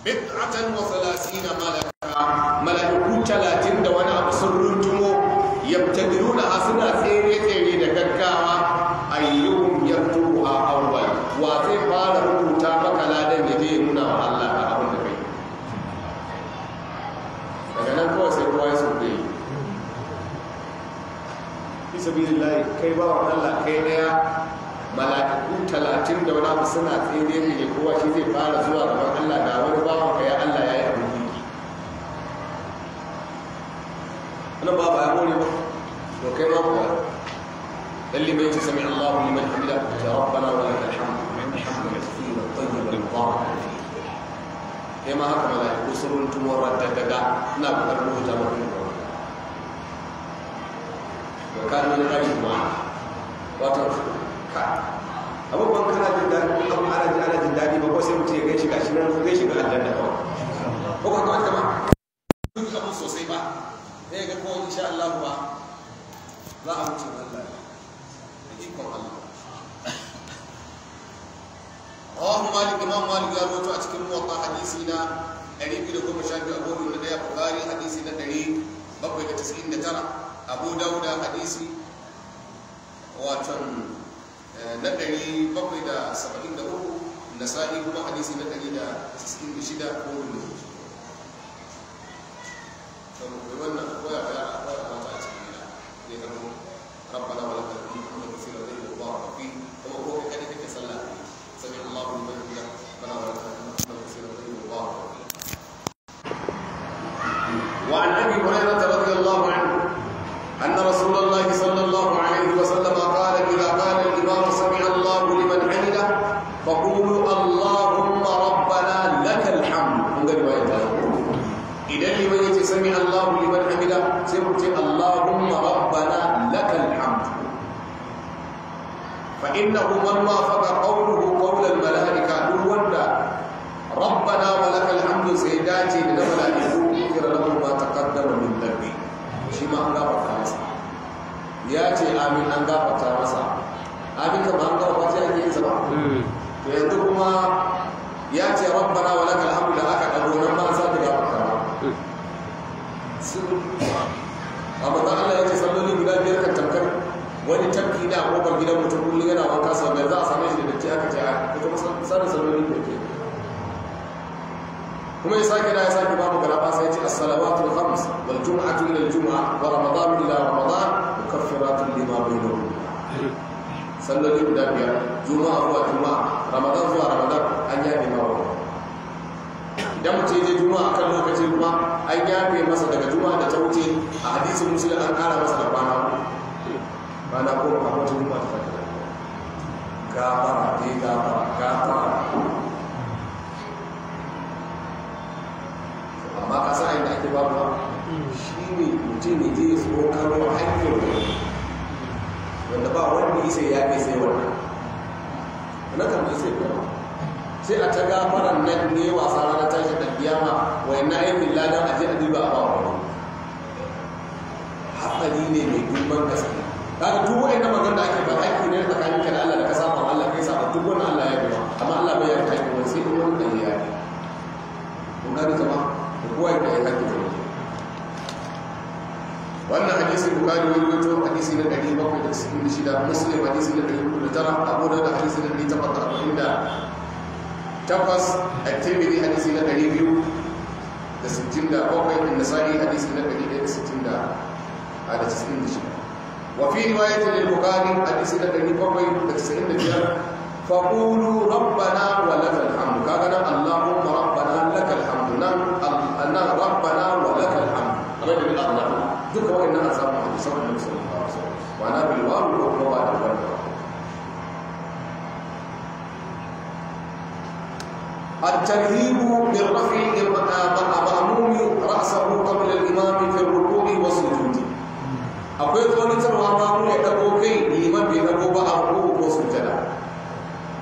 bid'atan wa thalathina malaka malaku talatin da wani abu sun runtumo yabtadiruna suna tsere tsere da gaggawa ayyuhum a awwal wa zai fara rubuta maka ladan ya je nuna wa Allah a abin da kai daga nan kawai sai kowa ya soke fi sabilillahi kai ba wa Allah kai daya malaku talatin da wani abu suna tsere ne kowa shi zai fara zuwa gaban Allah da wani kai ma kuwa dan liman yace sami Allahu liman hamida ku ta rabbana wa lakal hamdu hamdan katsiran tayyiban mubarakan fi kai ma haka malaiku sun runtumo raddadaga ina kokarin rubuta maka ne wa kana min rabbil ma'ana wato ka abubuwan kana jin daɗi abubuwan ana jin daɗi ba ko sai mutum ya gaishe za a wuce sallah da ikon Allah rawahu malik imam malik ya rawaito a cikin muwatta hadisi na 212 abu hurairu da ya bukhari hadisi na 799 abu dawud hadisi watan eh, na 773 nasa'i kuma hadisi na 196 ko 100 mu isa ya kai sai wannan nan kan mu isa ya sai a ta gafaran nan ne wasa ranar tashi da kiyama wai na aikin ladan aje a duba a ba wa wani hatsari ne mai girman ta da duk wa'in nan magana da ake ba aiki ne da ka da Allah da ka saba Allah kai saba duk wani Allah ya biya amma Allah bai yarda ki wani sai wani da ya yi kun gani jama'a kowa ya kai hakki wannan hadisin bukari wani wato hadisi na shida muslim hadisi na 309 abu da hadisi na 840 tabbas a tebiri hadisi na biyu da sittin da sani hadisi na 160 da 96 wafi riwayatin al-bukhari hadisi na 795 faqulu rabbana wa lakal hamdu kaga nan allahumma rabbana lakal hamdu nan duka waɗannan na azama a musamman da musamman ba wasu ba na bilwaru ko kuma ba da wani الترهيب بالرفع المأموم رأسه قبل الإمام في الركوع والسجود akwai tsoratarwa ba mun ya dago kai liman bai ba a ruku ko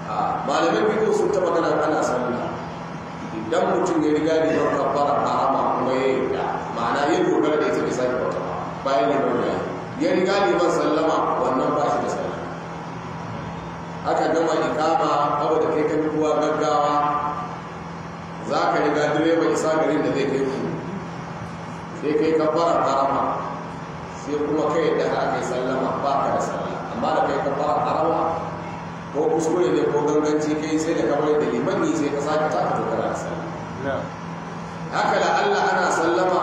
A malamin biyu sun taba kana ana sallah idan mutum ya riga liman kabbara harama kuma ya yi da ma'ana yin dogara da bayan liman ya ya riga liman sallama wannan ba shi da sallama aka gama ikama abu da kai kan kuwa gaggawa za ka riga direba isa garin da zai kai ku sai kai ka fara harama sai kuma kai da aka kai sallama ba ka da sallama amma da kai ka fara harama ko kuskure ne ko ganganci kai sai da kamar da liman ne sai ka sake ka tokara da sallama haka da allah ana sallama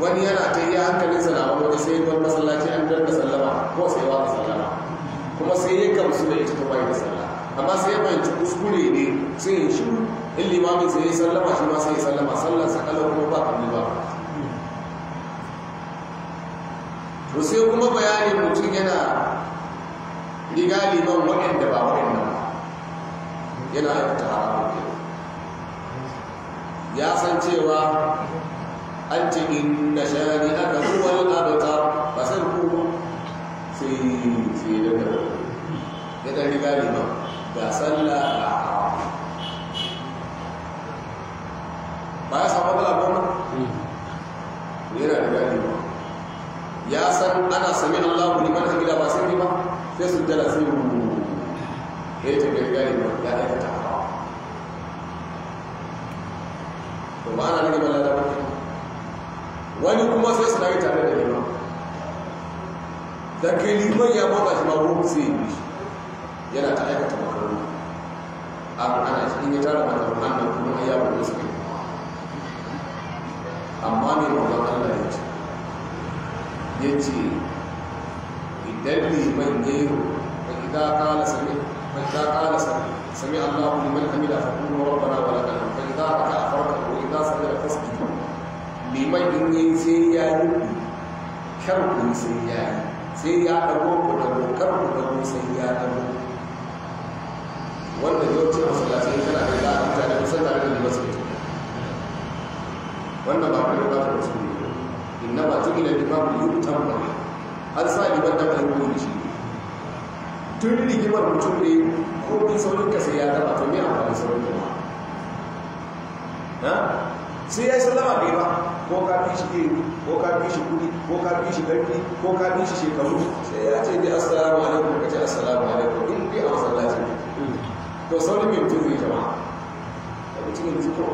wani yana ta yi hankalinsa na wani sai wani masallaci an da sallama ko sai wa sallama kuma sai ya gamsu da ita ta bai da sallama amma sai ya bayanci kuskure ne sai ya shi in limamin sai ya sallama shi ma sai ya sallama sallar sa kalau kuma ba kalli ba to sai kuma bayanin mutum yana riga liman waɗanda ba waɗanda ba yana aikata haramun ya san cewa أنت إن شانئك هو الأبتر فسلكوا في في ذكر كذلك غالبا فصلى ba ya samu bala goma yana da gani ya san ana sami Allah liman hamida ba sai ba sai su dala sai mu ya yi tafiya gani ba ya aikata to ba ana rage bala da wani kuma sai su rayu tare da liman da kai liman ya bada shi mawu sai yi yana ta aikata makaroni a ana cikin ya tara makaroni da kuma ya bude su kai amma mai zan allah ya ce ya ce idan liman ya yi فإذا قال سمع فإذا قال سمع سمع الله لمن حمده فقولوا ربنا ولك الحمد فإذا ركع فركع وإذا سجد فاسجد liman in yi sai ya yi kar ku sai ya yi sai ya dago ku dago kar ku dago sai ya dago wanda masu yawancin ya kana da za a mutane kusan tare da liman sai wannan ba kuma ba ta wasu ne inna ba ta gina liman ku yi mutan ba har sa liman da kan yi shi tun rigimar mutum ne ko bi saurin ka sai ya zama to me amfani saurin ka ba sai ya yi sallama bai ba ko ka fi shi ilimi ko ka fi shi kudi ko ka fi shi ƙarfi ko ka fi shi shekaru sai ya ce bi assalamu alaikum ka ce assalamu alaikum in bi a masallaci to sauri mai mutum zai jama'a da mutum yin ziko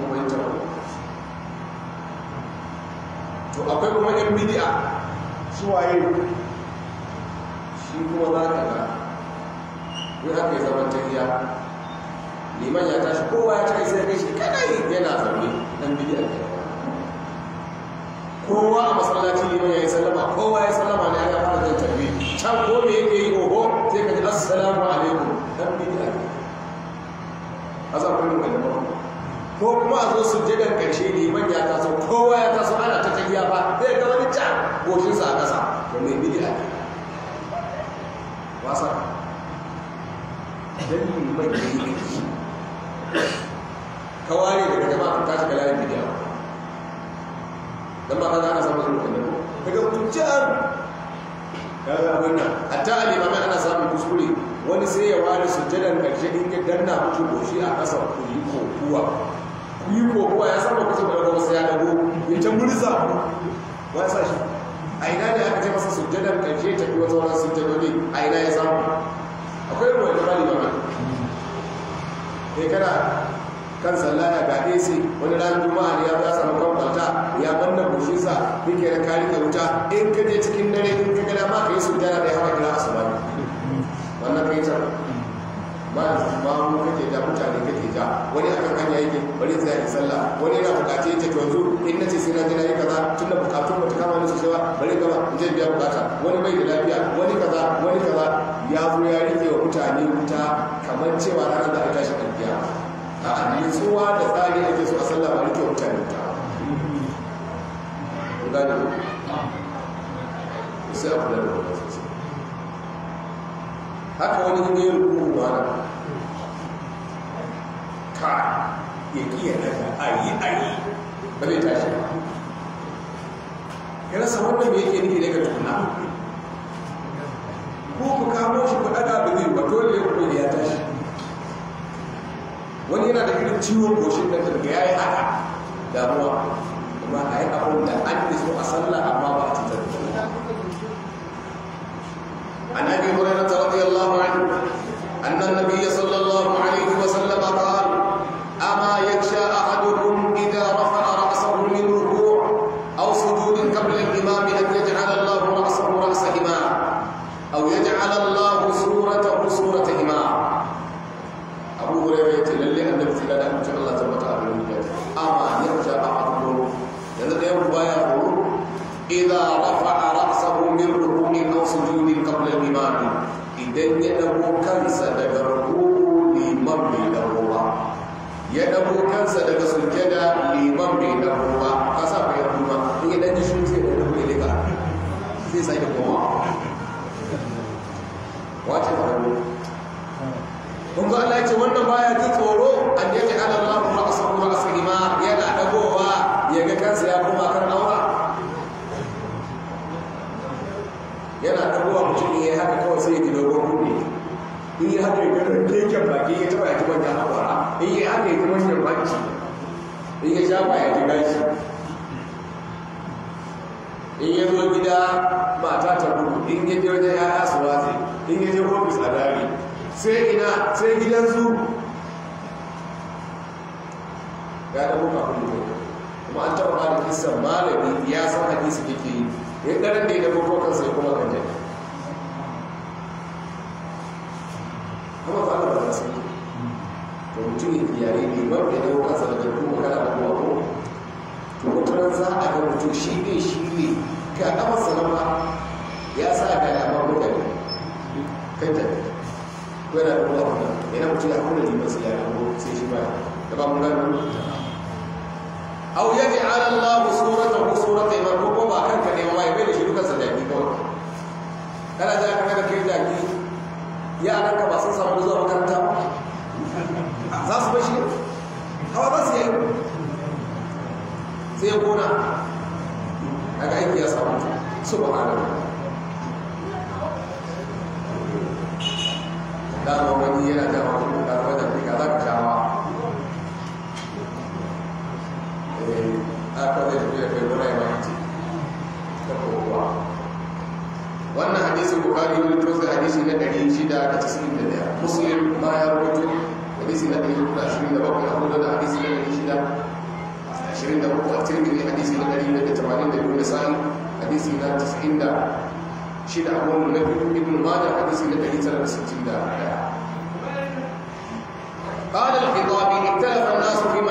kuma yin jama'a to akwai kuma yan bidi'a su waye shi kuma za ka ga wani haka ya zama tafiya liman ya tashi kowa ya tashi sai shi kadai yana zaune dan bidiyar kowa a masallaci liman ya yi sallama kowa ya sallama ne ya fara jan tarbi can ko me yake yi oho sai ka ji assalamu alaikum dan kai azan kullum da ba ko kuma a zo su dan kace liman ya taso kowa ya taso ana ta tafiya ba sai ga wani can sa a ƙasa to a kai wasa dan liman ya yi ka ware daga jama'a ta shiga layin bidiya dan ba ka a samun irin kuma daga tujjar kaga abin nan hatta al-imamai ana samun kuskure wani sai ya ware sujjadan karshe in ya danna mutu goshi a ƙasa kuyi kokuwa kuyi kokuwa ya san lokacin da wasu ya dago ya ta murza Wani sa shi a ina ne aka ce masa sujjadan karshe ta fi wata wani sujjadodi a ina ya samu akwai ruwa da mali ba ne kana kan sallah ya gaɗe shi wani ranar juma'a ne ya zo ya samu kwamfalta ya banna bushinsa duke da kari ka wuta in ka je cikin dare in ka gada ma ka yi su jana da ya hawa kira asuba ne wannan ka yi ta ba da ba mu kake ja mutane kake ja wani aka hanya yake wani zai yi sallah wani yana bukace ce to yanzu in ce sai na jira yi kaza da bukatun ba ta kama ni sosai ba bari gaba in zai biya bukata wani bai da lafiya wani kaza wani kaza ya zo ya rike wa mutane wuta kamar cewa ranar da aka shi. a ne tsuwa da tsari ake so a sallah ba rike mutane ta gane ku sai a kula da ta sosai haka wani inda ya rubu ba na ka ya kiya daga ayi ayi ba zai tashi ba ya rasa wannan me yake nufi daga tukuna ko ku kamo shi ku daga ba zai ba dole ya kuɗi ya tashi wani yana da irin ciwon goshin da kirga ya yi haka damuwa kuma a yi abin da an yi so a sallah amma ba a cutar da annabi hurairah radiyallahu anhu annan nabi wannan baya jin tsoro an yaji ala kuma Allahu ra'su ra'sihi ma yana dagowa ya ga kansa ya kuma kan aura yana dagowa mutum ne ya haka kawai sai ya gina dogon kuɗi in yi haka ya ga keken baki ya taba ya ji wajen a in yi haka ya ji wajen banki in ya shafa ya ji gashi in ya zo gida mata ta gudu in ya je wajen ya su zai in ya je ofis a dare sai ina sai gidansu ga da muka kuma da kuma an taɓa ba da kisan malami ya san hadisi kike yi ya ɗaran da ya dafo kokan sai kuma kan jami kuma ba da ba su to mutum ya yare ne wanda ya yau kasa da kuma kana da kuma ko to mutum za a ga mutum shi ne shi ne ka kafa salama ya sa ga ya ba mutane kai tafi yana da wani abu yana mutu ya kuma liman sai ya rago sai shi baya da ba mun gano aw yaj'al Allah suratahu surata imam ko ba kanka ne wai bai da shi dukan sa daki kawai kana da kana da kai daki yaran ka ba sun samu zuwa makaranta ba za su bashi hawa ba su yi sai ya kona daga aiki ya samu subhanallah dama wani yana da wani kuka wadda fi ga eh, a kawai da fiye kai wani ce ta kowa wannan hadisi bukari ne to hadisi na 691 muslim ma ya rubuto hadisi na 627 abu da hadisi na 623 a tirmidhi hadisi na 182 da sa'in hadisi na 90 shi da abubuwan na biyu ibn mada hadisi na 961 قال الخطابي اختلف الناس fi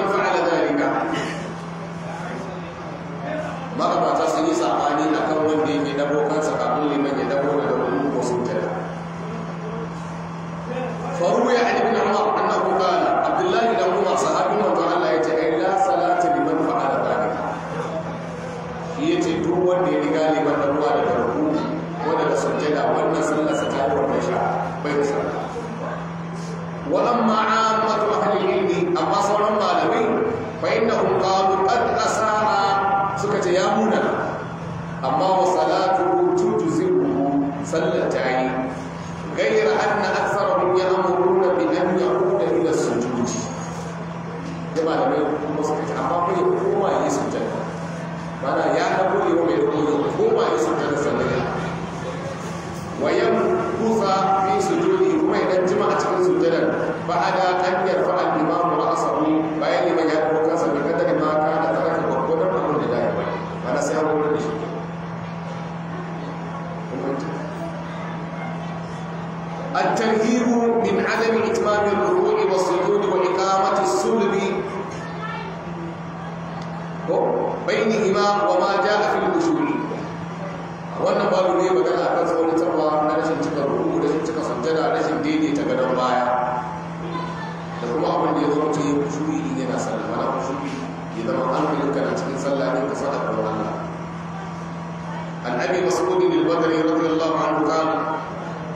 مسعود البدري رضي الله عنه قال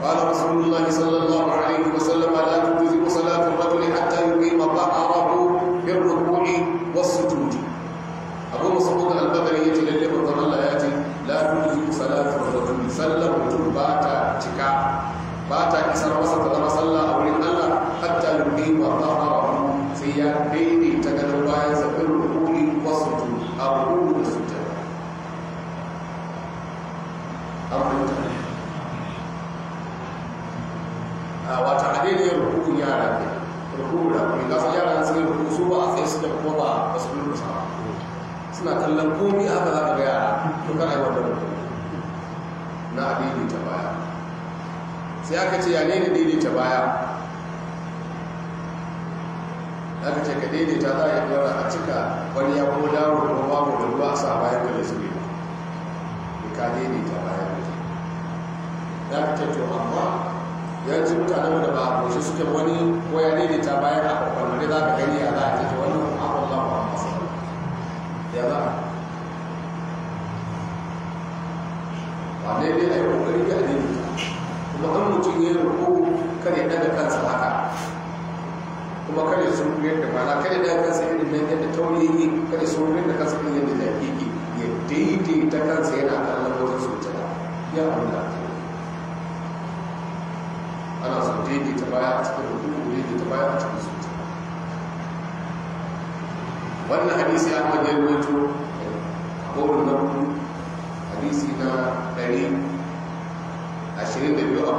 قال رسول الله صلى الله عليه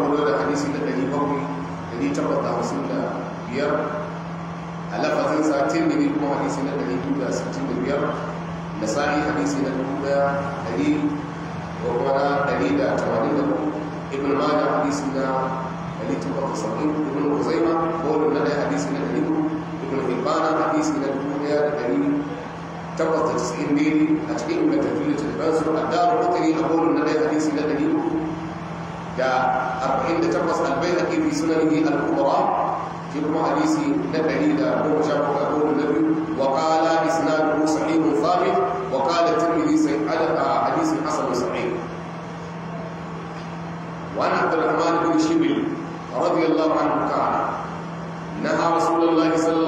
dogaro da hadisi da ɗari bakwai ɗari takwas da hamsin da biyar a lafazin satin da ne kuma hadisi na ɗari biyu da sittin da biyar da sa'i hadisi na dubu ɗaya ɗari da kuma ɗari da tamanin da kuma ibn mada hadisi na ɗari takwas da saba'in ibn huzaima bolin na ɗaya hadisi na ɗari ibn hadisi na dubu ɗaya da ɗari takwas da daidai a cikin ingantattun a daru a bolin na ɗaya hadisi na ɗari da 48 albayhaqi fi sunanihi al-kubra shi kuma hadisi na 117 na biyu wa qala isnaduhu sahihun thabit wa qala tirmidhi sahih وعن عبد الرحمن بن شبل رضي الله عنه قال نهى رسول الله صلى الله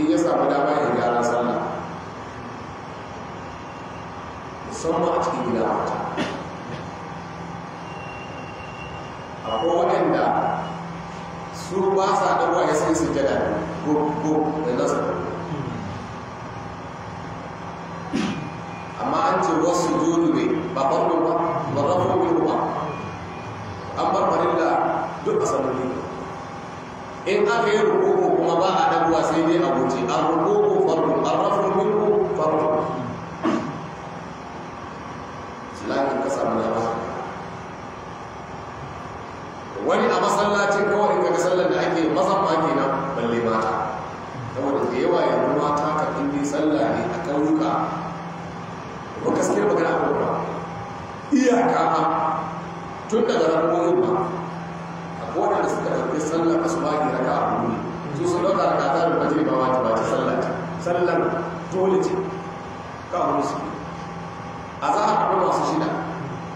in ya samu dama ya gyara sallah musamman a cikin gida mata akwai waɗanda su ba sa da waye sai su jada ko da nasa amma an ce wasu jodu ne ba ɓarɓar ba ba rafin biyu ba an bar farilla duk a sanarwa in aka yi kuma ba a dabuwa sai dai abuci an rubutu farko an rafu minhu farko silakin ka samu na wani a masallaci kawai in kaga sallar da ake ke kenan balle mata kuma da yawa yanzu mata ka ɗin sallah ne a ƙauyuka ba gaskiyar magana a ƙauyuka iyaka ma tun daga ranar ba a kowane da suka ɗauki sallar asuba ne raka a ne su su ɗauka a ƙasa da fajiri ba wata wata sallah sallar dole ce ka a su a za a akwai masu shida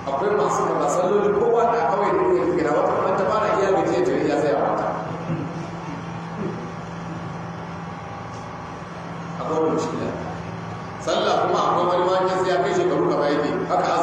akwai masu gaba salloli kowa da kawai da ne gida wata kuma ta fara iya mai ce jiri ya a wata akwai wani shida sallah kuma akwai wani ma ya kai shekaru gaba yake haka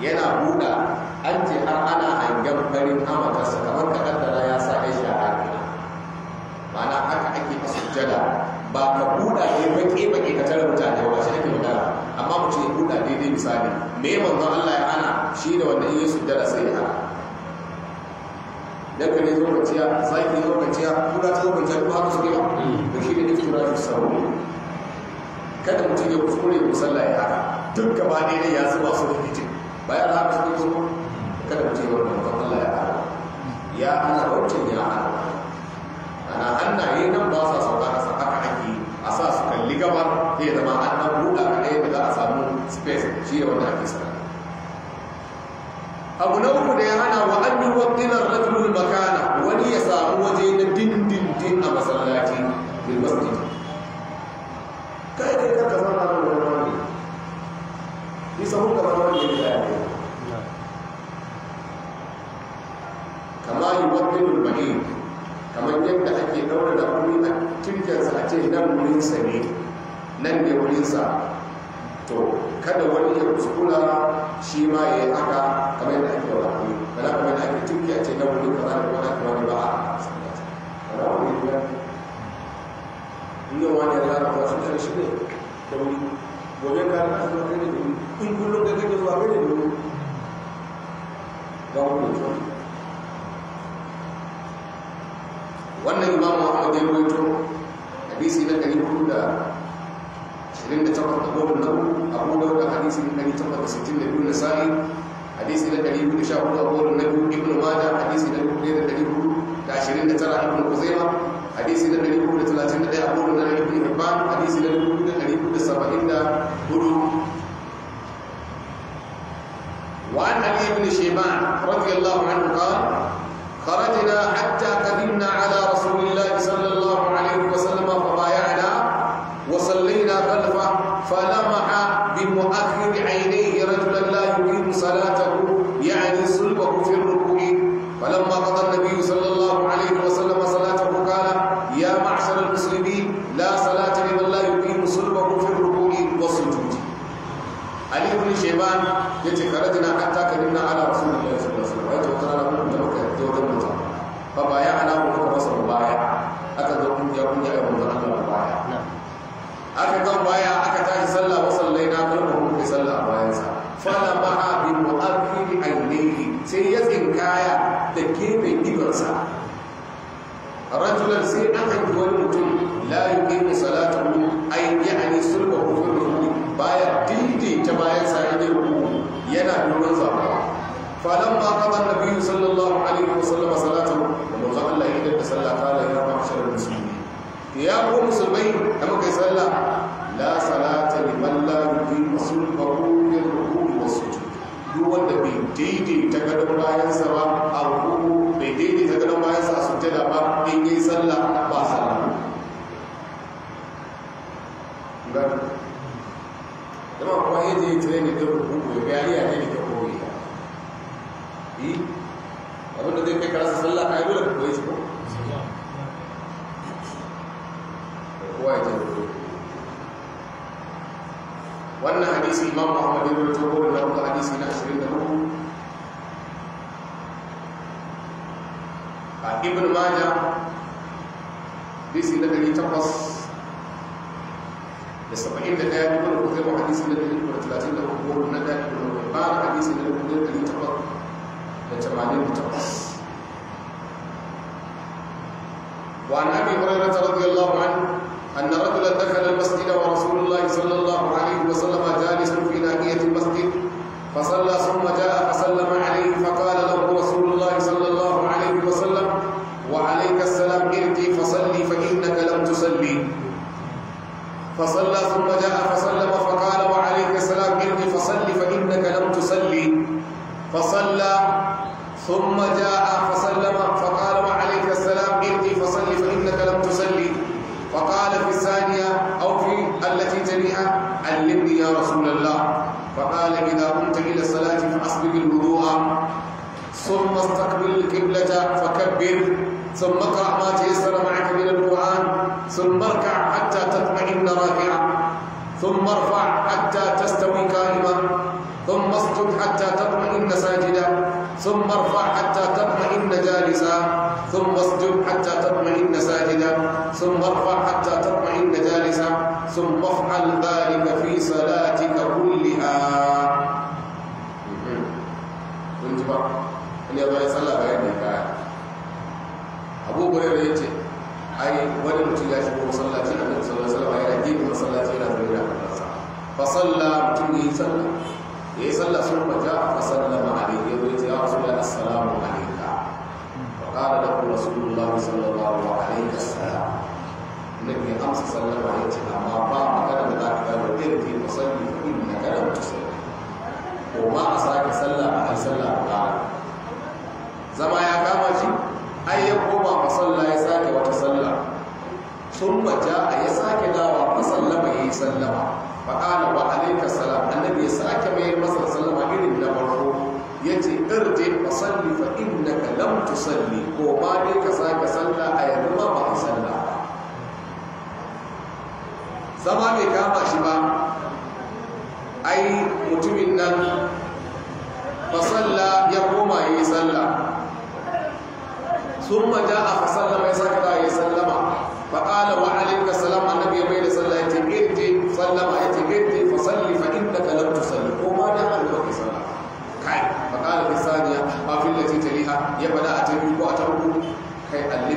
yana buɗa an ce har ana hangen farin amatarsa kamar kaɗan ya sa ya shahara ma'ana haka ake sujjada ba ka buɗa ne baƙe baƙe ka tara mutane ba shi ake magana amma mu ce buɗa daidai misali me manzon Allah ya ana shi da wanda in yi sujjada sai ya ana daga ne zo kwanciya zaki zo kwanciya kura ta zo kwanciya ko haka suke ba to shi ne nake kira shi sauri kada mutum ya kuskure musalla ya haka duk gaba ɗaya ya zuba su da fitin bayan haka sai kuma kada mu ce wannan ba Allah ya hana ya hana wancan ya hana ana hannaye nan ba sa sauka saka a ake a sa su kalli gaba zai zama an dan buɗa a ɗaya da za a samu space shi ne wanda ake sana abu na uku da ya hana wa an yi ɗinar rajulul makana wani ya samu waje na dindindin a masallaci bil masjid kai dai ka zama sahun gaba na wanda ya ya kama yi wadda bane kamar yadda ake daura da wuri a kirkinsa a ce nan wurinsa ne nan ne wurinsa to kada wani ya kuskura shi ma ya yi haka kamar yadda ake wa wuri bala kamar yadda ake kirki a ce nan wurin kaza da wani wani ba a sallaci wani wani wani ya tare shi ne da wuri domin ka rika zuwa kai ne in kullum kake zuwa da wannan cewa wannan imamu ahmad ya rawaito na ɗari hudu da ashirin da da na abu da hadisi na ɗari da sittin da biyu na sa'i hadisi na ɗari hudu sha hudu a na biyu ibn hadisi na ɗari hudu da da tara kuzaima hadisi na ɗari da talatin da ɗaya abubuwan da ibn Abban hadisi na ɗari da ɗari da saba'in da hudu. وعن علي بن شيبان رضي الله عنه قال خرجنا حتى قدمنا على رسول الله وعن ابي هريره رضي الله عنه ان رجلا دخل المسجد ورسول الله صلى الله عليه وسلم جالس في ناحيه المسجد فصلى ثم جاء فسلم عليه فقال له رسول الله صلى الله عليه وسلم وعليك السلام ارجي فصلي فانك لم تصلي فصلى ثم جاء فسلم فقال وعليك السلام ارجي فصلي فانك لم تصلي فصلى ثم جاء القبلة فكبر ثم اقرأ ما تيسر معك من القرآن ثم اركع حتى تطمئن راكعا ثم ارفع حتى تستوي قائما ثم اسجد حتى تطمئن ساجدا ثم ارفع حتى تطمئن جالسا ثم اسجد حتى تطمئن ساجدا ثم ارفع حتى تطمئن جالسا ثم افعل ذلك في صلاتك كلها انتبه ya bayan sallah bayan da kaya abu hurairu ya ce ai wani mutum ya shigo masallaci a nan sallar salama yana gefe masallaci yana zaune da kansa fa salla mutum ya yi sallah ya yi sallah sun a fa ma alaihi ya zai ce ya rasu da alaika fa kara da kuma rasulullah sallallahu alaihi wasallam nan ya amsa ya ce amma ba magana da za ko ma a sake sallah a sallah ba zama ya kama shi ai ya koma masalla ya sake wata salla sun baja a ya sake dawa masallama ya yi sallama ba. ba alaika salam annabi ya sake mai masa sallama irin na farko ya ce irje ka salli fa innaka lam tusalli ko ba dai ka sake salla a yanzu ma ba ka salla zama bai kama shi ba ai mutumin nan fasalla ya koma yi sallah sun maja a fasallar mai saka da ya sallama fa ƙala wa alaika salam bai da sallah ya ce irje sallama ya ce irje fa salli fa inda ka lam tusalli da an da kai sallah kai fa ƙala fi saniya ba fi ya bada a ta ko a ta uku kai ya a ni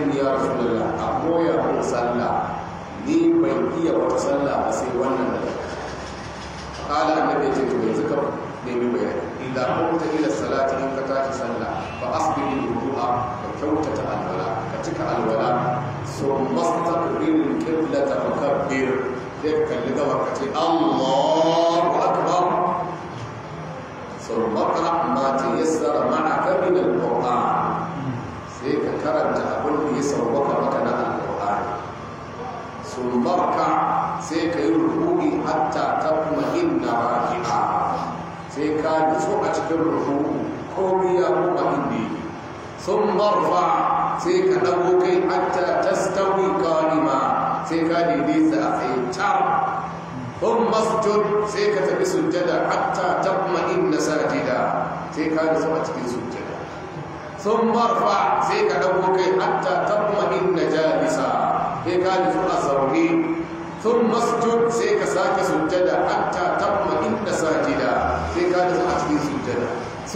iya wata sallah ba sai wannan da ƙala annabi ya ce to yanzu kawai nemi bayani idan kuma ta ila salati in ka tashi sallah fa asbiru kyautata alwala ka cika alwala sun mastaqbil qiblata fakabbir sai ka kalli gabar ka ce Allahu akbar sun maqra ma tayassara ma'aka min al-qur'an sai ka karanta abin da ya sauwaka maka na al-qur'an sun sai ka yi ruku'i hatta ta taqma inna raki'a sai ka nutsu a cikin ruku'u komai ya koma inda sun marfa sai ka ɗago kai hatta ta stawi kalima sai ka daidaita a tsaye tar sun masjid sai ka tafi sujjada hatta tabma inna sajida sai ka nutsu a cikin sujjada sun marfa sai ka ɗago kai hatta tabma na jalisa sai ka nutsu a zaune sun masjid sai ka sake sujjada hatta tabma inna sajida sai ka nutsu a cikin sujjada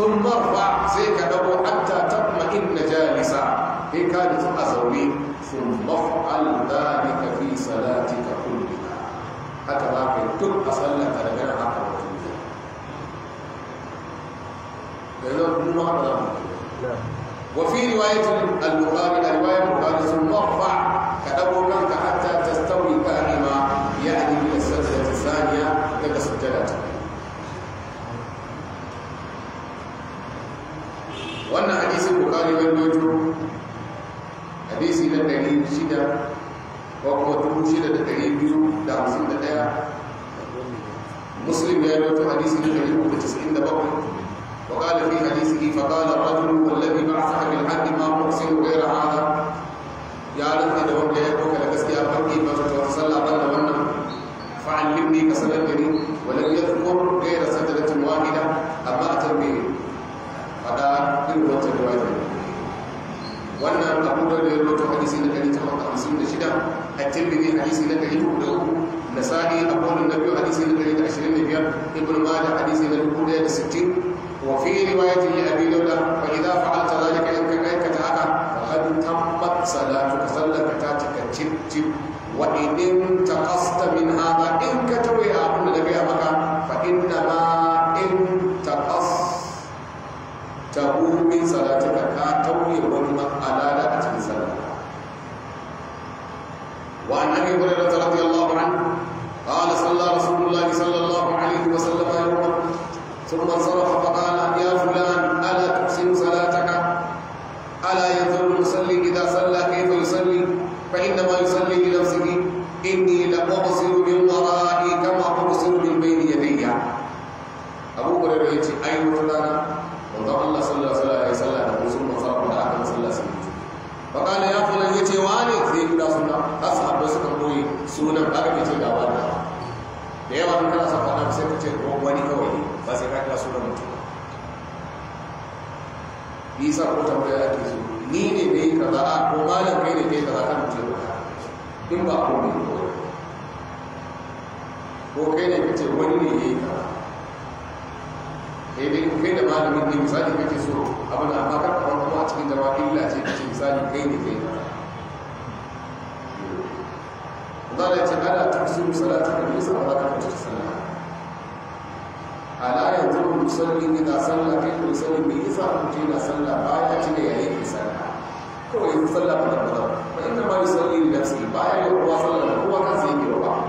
ثم ارفع زيك دبو حتى تطمئن جالسا هي كانت أزوي ثم افعل ذلك في صلاتك كلها حتى في كل أصلك لغير حتى وجودها في ابن وفي رواية البخاري رواية البخاري ثم ارفع كدبو منك حتى تستوي كأنما يعني من السجدة الثانية إلى السجدة wannan hadisin bukari ban dojo hadisi na ɗari shida ko kuma dubu shida da ɗari biyu da hamsin da ɗaya muslim ya dojo hadisi na ɗari uku da casa'in da bakwai وقال في حديثه فقال الرجل والذي بعثك بالحق ما أحسن غير هذا يا رب إذا وانت يدعوك لكسكي أبقي فتصلى بل وانا فعلمني كسلتني ولم يذكر غير سجدة واحدة أبأت به fada irin wancan da wajen wannan abu da ya roto hadisi na ɗari takwas hamsin da shida a tirmidhi hadisi na ɗari uku da uku nasa'i a kowane na biyu hadisi na ɗari da ashirin da biyar ibn majah hadisi na dubu ɗaya da sittin wa fi riwayati li abi dawud fa idza fa'alta dhalika in ka aikata haka faqad tammat salatuka sallaka ta cika cip cip wa idin taqas وعن ابي هريره رضي الله عنه قال صلى رسول الله صلى الله عليه وسلم يوما ثم انصرف فقال يا فلان الا تحسن صلاتك الا ينظر المصلي اذا صلى كيف يصلي فانما يصلي لنفسه اني لابصر من sunan aka ce ga wani da yawa in kana son faɗa sai ka ce ko wani kawai ba sai ka kira sunan mutum bi bisa ko tambaya ake so ni ne ne kaza a ko malam kai ne ne kaza kan mutum in ba ko ne ko kai ne kace wani ne yayi kaza sai dai kai da malamin ne misali kake so abin amma kar ka kuma a cikin jama'a illa ce kace misali kai ne kai zara ya ce ana tafsiru salatin da bisa ba ka mutu sallah ala yanzu musallin kai musallin bai isa mutu yana sallah baya cika ya yake sallah kawai yanzu da ba ba inda da nafsi baya yi kowa sallah da ba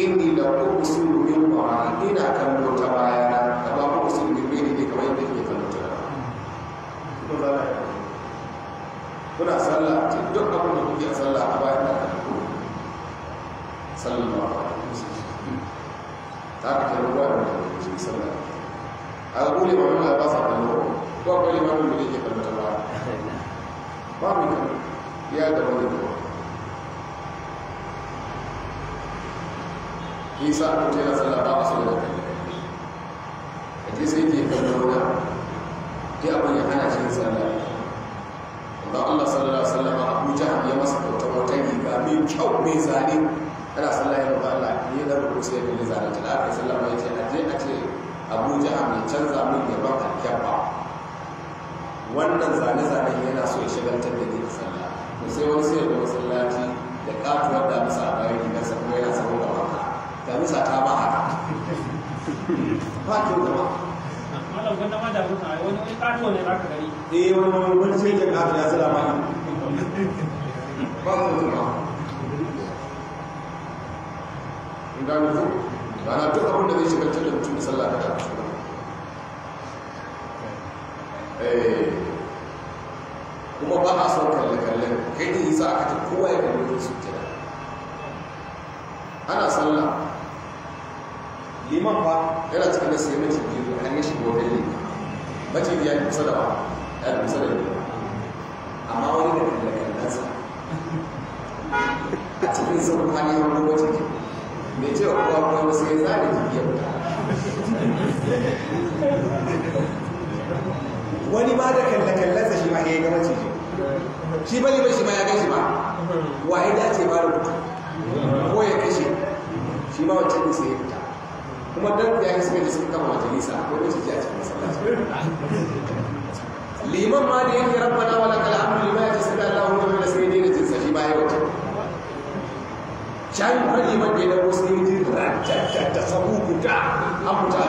inni da ku usulu min wara ba da صلى الله عليه وسلم تعرف يا رواية صلى الله عليه وسلم أقول ما من أباس أبنه وأقول ما من بليه كلمة الله ما منكم يا دبني دوا إيسا كتير صلى الله عليه وسلم أجلس يجي كلمة يا أبو يهانا شيء صلى الله عليه الله صلى الله عليه وسلم أبو جهل يمسك وتوتين يقامين شو ميزانين kana sallah ya roƙa Allah ni na roƙo sai ya kalli zanen ta aka sallama ya ce a je a ce Abuja a mai canza min yaban ba wannan zane-zanen yana so ya shagaltar da ni sallah to sai wani sai ya ga masallaci da katuwar da masa a bayan gidansa kuma yana sabon da wanka ga misa ta ba haka ba kyau gaba malam gwanda ma da mutane wani wani katuwa ne za ka gani eh wani wani wani sai da katuwa ya zira ma ba ku ba in gano ku ba na duk abin da zai shiga da mutum da sallah da karatu eh. kuma ba a son kalle-kalle kai ne yi sa aka ta kowa ya kalli da su kira. ana sallah liman ba yana cikin da sai mace biyu a hanyar shigo da ne mace biya ne kusa da ba ya kusa da ne amma wani da kalle-kallensa a cikin sauran hanyar wani mace biyu bai ce wa kowa kuma sai ya zare jiki ya wani ba da kalle-kallensa shi ma ya yi gama ce shi ne ba shi ma ya gashi ba? wa ya dace ba rubutu ko ya kashe shi ma wancan ne ya fita kuma dan ya yi suka ji suka kama nisa ko ne ce a cikin masallaci liman ma da yake rabbana wala kal amru lima yatasalla Allahu shayi fari wanda ya wasu ya ji ta sabu guda an fita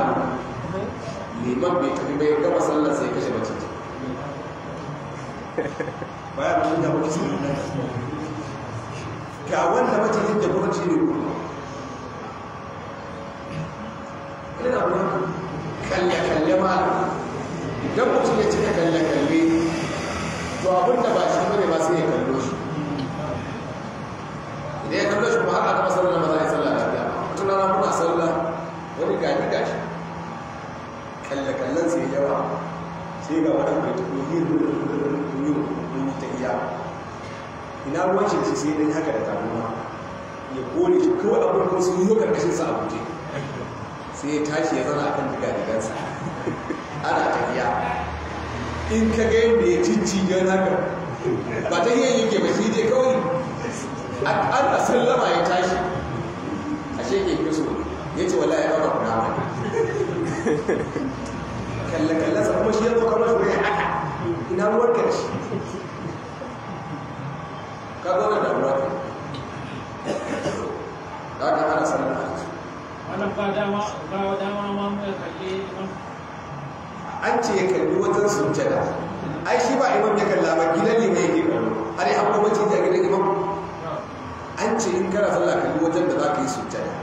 liman bai tafi bai gama sallar sai kashe mace ce bayan ba da wani sun nan ga wanda mace yadda kuma ce ne kuma ina wani kalle-kalle ma idan mutum ya cika kalle-kalle to abinda ba shi bane ba sai ya kallo shi da ya kallo shi ba har a taɓa sallar maza ya sallar lafiya wata na muna sallar wani gani gashi kalle kallon sai yawa sai ga wani mai tuyi tuyi tuyi ta iya ina ruwan shi ce sai dai haka da tabuwa ya kone shi kawai abin kuma sun yi karkashin sa a guje sai ya tashi ya zana akan diga digansa ana tafiya in ka ga yadda ya cincin haka ba ta iya yake ba shi je kawai akalla sallama ya tashi ashe ke kiso ya ce wallahi ya dauka kuna ma kalle kalle sa kuma shi ya zo kamar ne haka ina ruwan ka shi ka zo da damuwa ka da ka ana sallar hajji wannan ba dama ba dama ma mu ya kalle an ce ya kalli wajen sujjada ai shi ba imam ya kalla ba gidan ne mai yake kallo har yi abubuwan ce da gidan imam an ce in kana sallah kalli wajen da za ka yi sujjada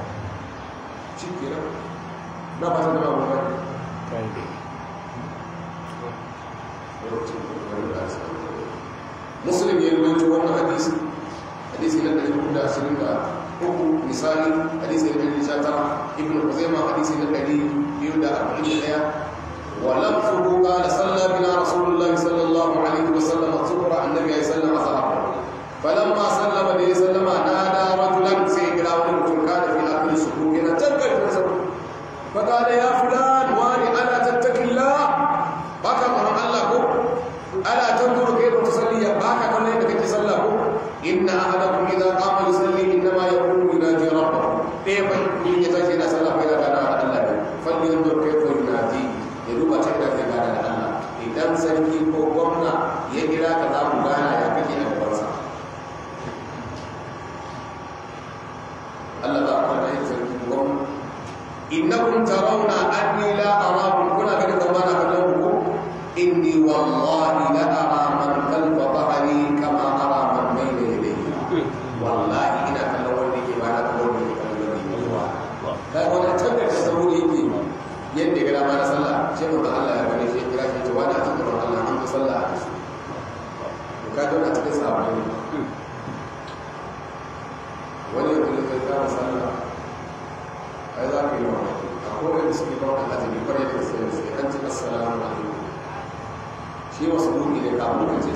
shi ke nan na fata da babu bane muslim ya rubuta wannan hadisi hadisi na ɗari hudu da ashirin da uku misali hadisi na ɗari sha tara ibn huzaima hadisi na ɗari biyu da arba'in da ɗaya wa lamfuhu qala salla bina rasulullahi sallallahu alaihi wa sallam zuhra annabi ya sallam falamma sallama da ya sallama na da rajulan sai kira wani mutum kana fi akhir suku yana tantar da sa fa da ya fulan wani ana tattakilla baka kana Allah ko ala tanzuru kayfa tusalli baka kana yadda kake sallah ko inna ahadakum idza qama yusalli inna ma yaqulu yunaji rabbahu dai fa in ya tashi yana sallah fa yana gana da Allah ne fa yanzu kayfa yunaji ya duba ta da gana da Allah idan sarki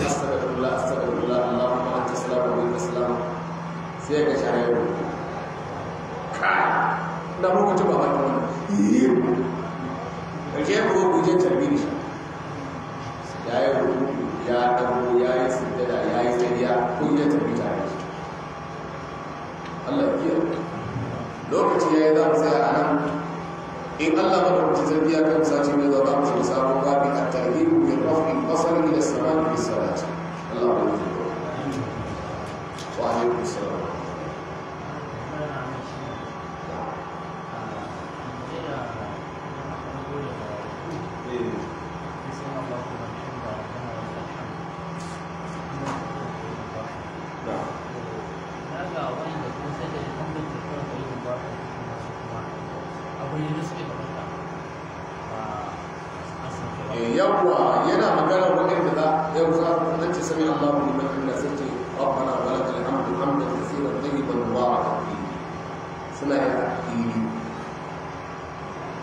استغفر الله استغفر الله اللهم انت السلام ومنك السلام sai ka kuwa yana magana wani da za a yau za a nan ce sami Allah mu liman inda sun ce rabbana wa lakal hamdu hamdan kaseeran tayyiban mubarakan fihi suna yin addini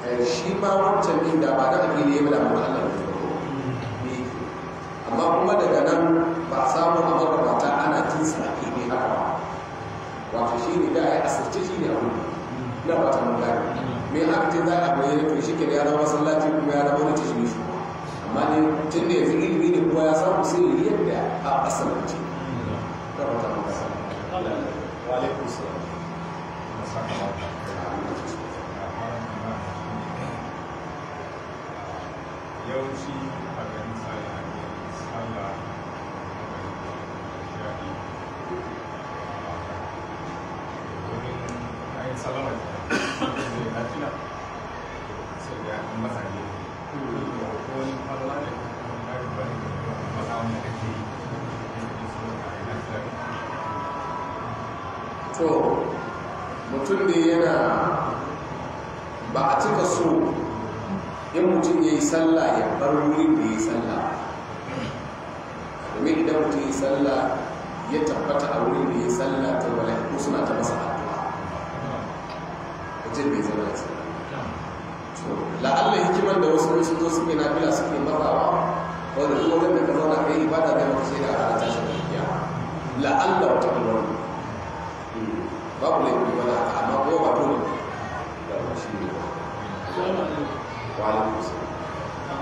eh, shi ma wancan din da ba da addini ya bada mana Allah ne amma kuma daga nan ba a samu a magabata ana jin sa addini haka ba wato shi ne da ya asirce shi ne abu na wata mutane me aka ce za a bayyana to shi ke da yaro sallah ya bar wurin da ya yi sallah domin idan mutum ya sallah ya tabbata a wurin da ya sallah ta ko suna ta masa addu'a wajen bai zama da sallah la'alla hikimar da wasu wasu zo suke na bila suke mafawa wanda kuma wajen da ka zauna ka yi ibada da maka shaida a ta shi da la'alla wata kalmar hmm, babu laifin wani haka amma kuma ba dole ba shi ne ba wani salam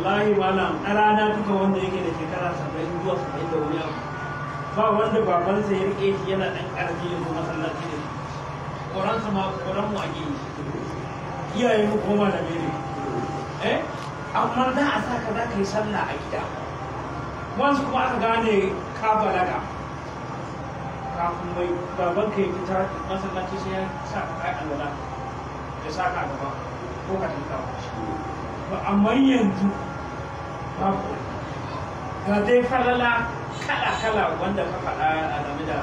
wallahi ba na ƙarana duka wanda yake da shekara saba'in zuwa saba'in da wani abu ba wanda babansa ya rike shi yana ɗan ƙarfi ya zo masallaci ne shi sama ma mu ake yi iyaye mu koma da mene eh amma da a sa ka za ka yi sallah a gida wasu kuma aka gane ka balaga kafin mai baban ka ya fita masallaci sai ya sa ka kai alwala ya sa ka gaba ko ka tilka ba amma yanzu ga dai falala kala-kala wanda ka faɗa a game da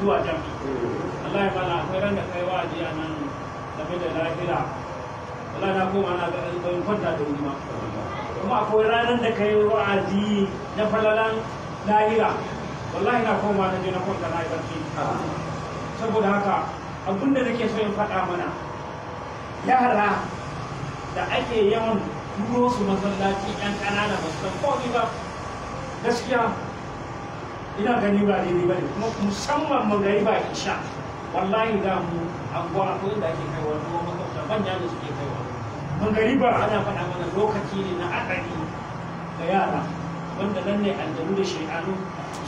zuwa Allah ya akwai ran da kai wa'azi a nan game da lafiya Allah na koma na ga ɗan kwanta da wuri ma kuma akwai ranar da kai wa'azi na falalan lahira wallahi na koma na je na kwanta na yi saboda haka abinda nake so in faɗa mana yara da ake yawan turo su masallaci yan ƙanana ba su komi ba gaskiya ina gani ba daidai ba ne kuma musamman magariba isha wallahi da mu anguwa akwai da ake kaiwa ruwa makwabta manya da suke kaiwa magariba ana faɗa mana lokaci ne na haɗari ga yara wanda nan ne aljanu da shekaru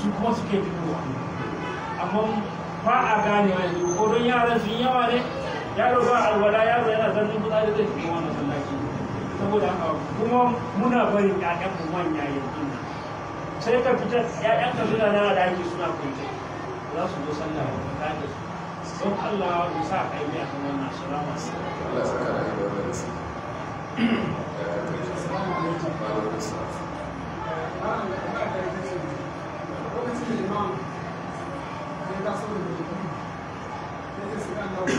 su kuma suke fitowa amma ba a gane wani ko don yaran sun yawa ne yaro ba alwala yaro yana zarnin da zai fito wani sallai saboda haka kuma muna barin ƴaƴanmu manya yanzu sai ka fita ƴaƴanka suna na daki suna kwance za su zo sallah ba ka da su don Allah ya sa ka yi akan wannan salama Allah saka da ido da su Thank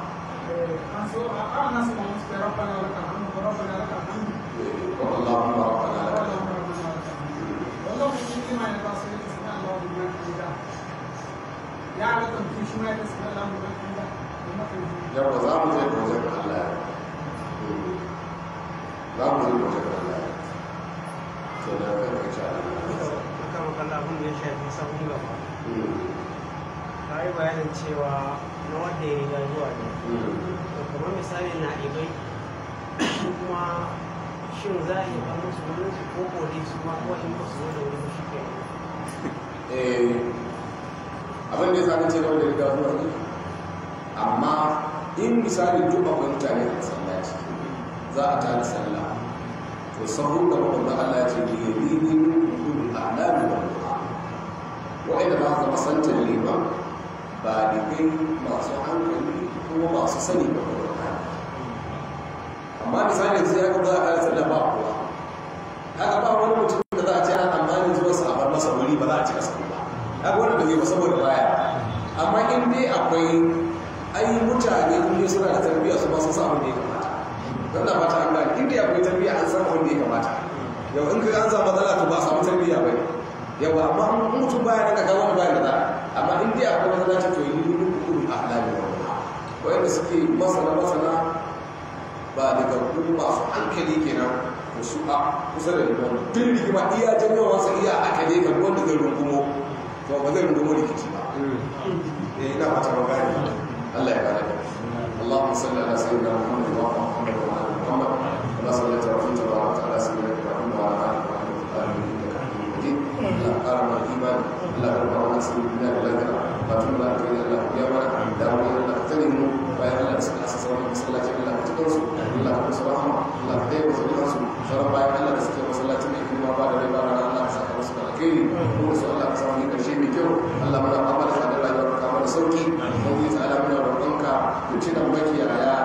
you. اللهم hmm. yi bayanin cewa na wanda ya riga zuwa ne hmm. to kamar misali na ibai su kuma shin za a yi ɓarin su wani su ko kodi su ma wani ba su da wuri shi ke eh, abin da ya zaka ce da ya riga zuwa ne amma in misali duk akwai mutane a masallaci za a tara sallah to sahun da wanda Allah ya ce bi yaminin kullu a'lamu wa du'a wa'inda ba ka masantar liman ba domin masu hankali kuma masu sani ba amma misali yanzu ya kuma za a kare sallah ba kowa haka ba wani mutum da za a ce an amfani zuwansa a bar masa wuri ba za a cika sa ba haka wani da zai ba saboda baya amma in dai akwai ai mutane in suna da tarbiyya su ba su samu da ya kamata don na fata an gani in dai akwai tarbiyya an samu wanda ya kamata yau in ka an samu matsala to ba samu tarbiyya ba ne yau amma mutum baya na kawo wani baya da za a amma in dai akwai matsalaci to yi rukun wani wanda suke masana masana ba da gabu masu hankali kenan ko su a kusa da limon tun rigima iya janyo wasu iya a kade ga wanda zai rungumo to ba zai rungumo rikici ba hmm. eh, ina ba gani Allah ya bada اللهم صل على سيدنا محمد وعلى Muhammadu iman la ko da suke wala ta ne kuma ba da na la Allah kyau Allah mana amara da ba ya ka sauki ko ya ta ala mana roƙonka ku ci da mu ya